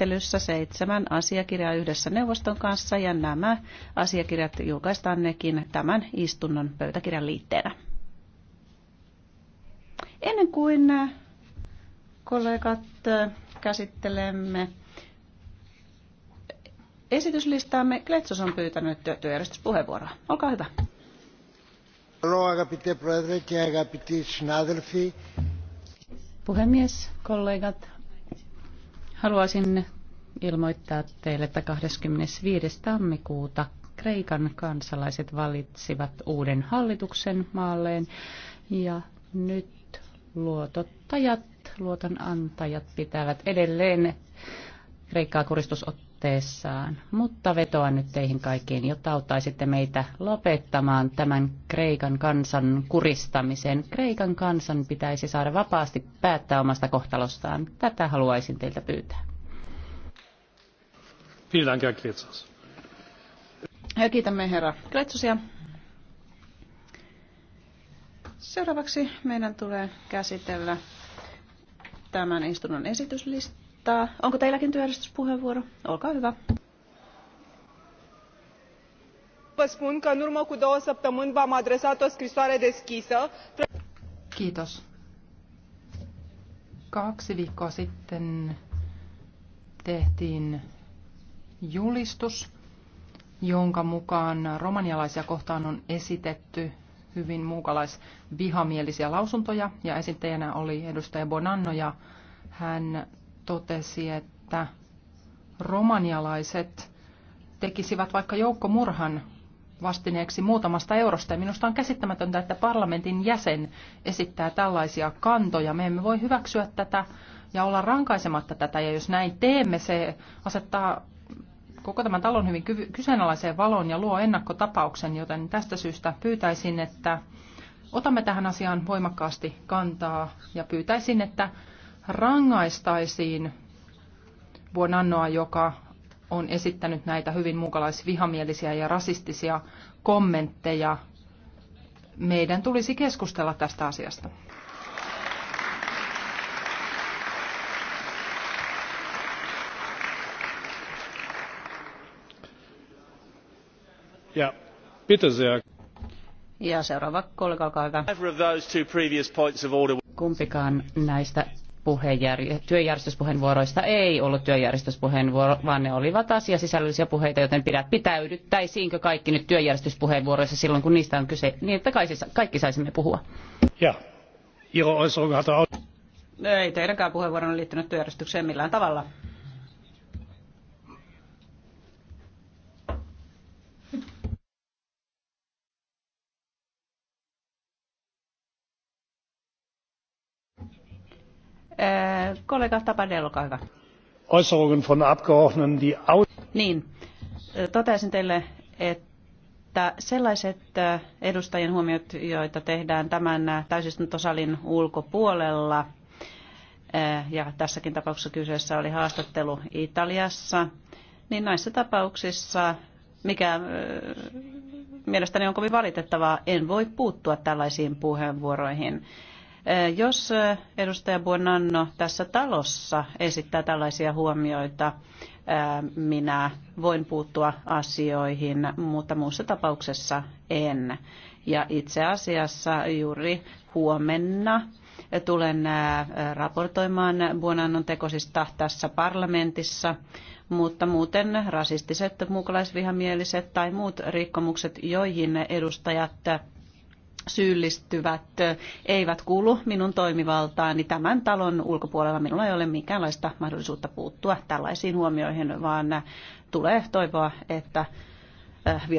käsittelyssä seitsemän asiakirjaa yhdessä neuvoston kanssa ja nämä asiakirjat julkaistaan nekin tämän istunnon pöytäkirjan liitteenä. Ennen kuin äh, kollegat äh, käsittelemme esityslistaamme, Kletsos on pyytänyt työjärjestyspuheenvuoroa. Olkaa hyvä. Puhemies, kollegat, Haluaisin ilmoittaa teille, että 25. tammikuuta Kreikan kansalaiset valitsivat uuden hallituksen maalleen ja nyt luotottajat, luotonantajat pitävät edelleen Kreikkaa kuristusottaa aloitteessaan, mutta vetoan nyt teihin kaikkiin, jotta auttaisitte meitä lopettamaan tämän Kreikan kansan kuristamisen. Kreikan kansan pitäisi saada vapaasti päättää omasta kohtalostaan. Tätä haluaisin teiltä pyytää. Kiitämme herra Kretsosia. Seuraavaksi meidän tulee käsitellä tämän istunnon esityslista aloittaa. Onko teilläkin työjärjestyspuheenvuoro? Olkaa hyvä. Kiitos. Kaksi viikkoa sitten tehtiin julistus, jonka mukaan romanialaisia kohtaan on esitetty hyvin muukalaisvihamielisiä lausuntoja ja esittäjänä oli edustaja Bonanno ja hän totesi, että romanialaiset tekisivät vaikka joukkomurhan vastineeksi muutamasta eurosta. Ja minusta on käsittämätöntä, että parlamentin jäsen esittää tällaisia kantoja. Me emme voi hyväksyä tätä ja olla rankaisematta tätä. Ja jos näin teemme, se asettaa koko tämän talon hyvin kyseenalaiseen valoon ja luo ennakkotapauksen, joten tästä syystä pyytäisin, että otamme tähän asiaan voimakkaasti kantaa ja pyytäisin, että rangaistaisiin Buonannoa, joka on esittänyt näitä hyvin mukalaisvihamielisiä ja rasistisia kommentteja. Meidän tulisi keskustella tästä asiasta. Ja, bitte sehr. Ja seuraava kollega, olkaa hyvä. Kumpikaan näistä työjärjestyspuheenvuoroista ei ollut työjärjestyspuheenvuoro, vaan ne olivat asiasisällöllisiä puheita, joten pidät pitäydyttäisiinkö kaikki nyt työjärjestyspuheenvuoroissa silloin, kun niistä on kyse, niin että kaikki saisimme puhua. Ja, Ihre Äußerung hatte auch... Ei teidänkään puheenvuoron liittynyt työjärjestykseen millään tavalla. Eh, kollega Tapadel, olkaa hyvä. Äußerungen von Abgeordneten, die Niin, eh, totesin teille, että sellaiset eh, edustajien huomiot, joita tehdään tämän täysistuntosalin ulkopuolella, ja tässäkin tapauksessa kyseessä oli haastattelu Italiassa, niin näissä tapauksissa, mikä mielestäni on kovin valitettavaa, en voi puuttua tällaisiin puheenvuoroihin. Eh, jos eh, edustaja Buonanno tässä talossa esittää tällaisia huomioita, eh, minä voin puuttua asioihin, mutta muussa tapauksessa en. Ja itse asiassa juuri huomenna tulen raportoimaan Buonannon tekosista tässä parlamentissa, mutta muuten rasistiset, muukalaisvihamieliset tai muut rikkomukset, joihin edustajat syyllistyvät eivät kuulu minun toimivaltaani tämän talon ulkopuolella. Minulla ei ole minkäänlaista mahdollisuutta puuttua tällaisiin huomioihin, vaan tulee toivoa, että äh,